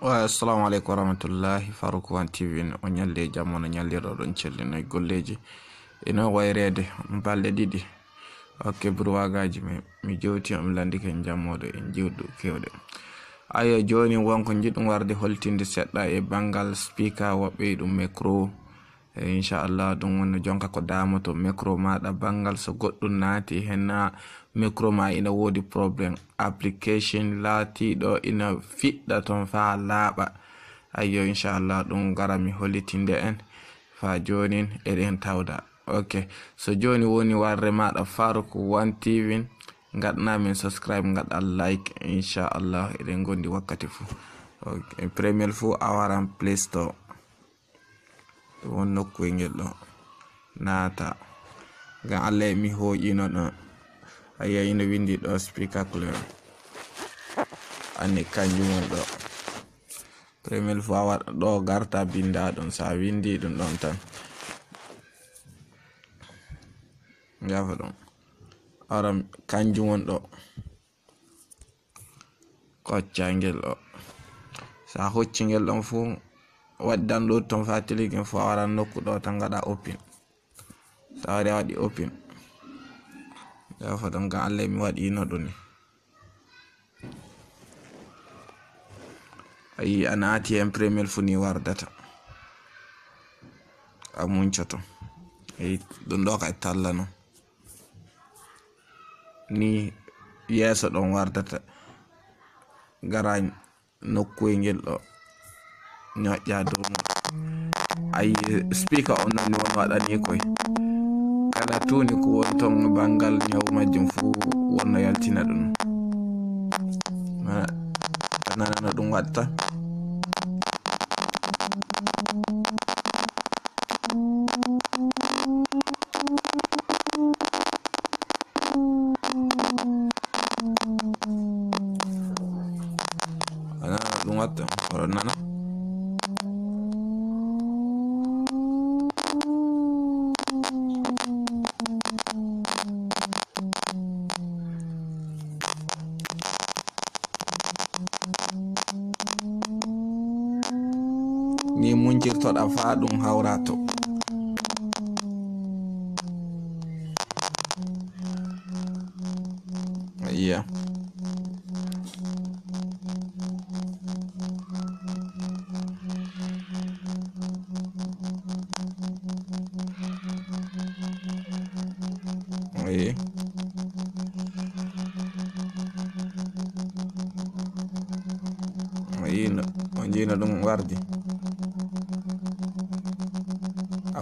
wai assalamu aleykum warahmatullahi farouku wan tv n o ñalli e jamono ñallirɗo ɗon cellinoye golleji eno wayrede balɗe ɗiɗi ok bourwagaji mi mi jewti omi landike en jammoɗo en jewɗo kewɗe ayo joni wonko jiɗum warde holtinde seɗɗa e bangal speaker woɓɓe ɗum micro E, inchallah ɗum woni jonka ko damato micro maɗa bangal so goɗɗum naati hena micro ma ina wodi probléme application laatiɗo ina fiɗɗa ton fa laaɓa ayyo inchallah ɗum gara mi holitinde en fa jonin eɗen tawda ok so joni woni warre maɗa faruk one tvin gaɗana min subscribe gaɗa like inchallah eɗen gondi wakkati fou okay. premier fou awaran play store ɗum on nokkuyel ngel ɗo naata ngam allah mi hoƴino ɗo ayiyino windi ɗo spicacler anni kanjum on ɗo premier fowar Do garta binda ɗum Sa windi ɗum ɗon tan gafa ɗum ara kanjum do. ɗo koccangel ɗo so a hoccingel ɗon fuu waɗi download ton fa teligin fo a waran nokku ɗo tan gaɗa opin ta wari a waɗi opin yafo tan ga allah mi waɗino ɗumni ayi an ati hen premier fu ni wardata a muncoto ayi ɗum ɗo ka talla non ni yeeso ɗon wardata gara nokkuyel ngel ɗo mi haƴƴa dow mum ayi speaker on nan won waɗani koye kala tuni ko won ton bangal ñawu majjum fuu wonno yaltina ɗum tanana no ɗum watta tanana ɗum watta oɗon ni muncirtoɗa faa ɗum hawra to iya Iya. Ina, onjina dum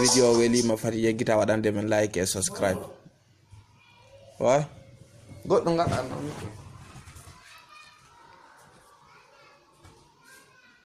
video welima fati yeggita waɗande min like e subscribe wa goɗɗo gaɗa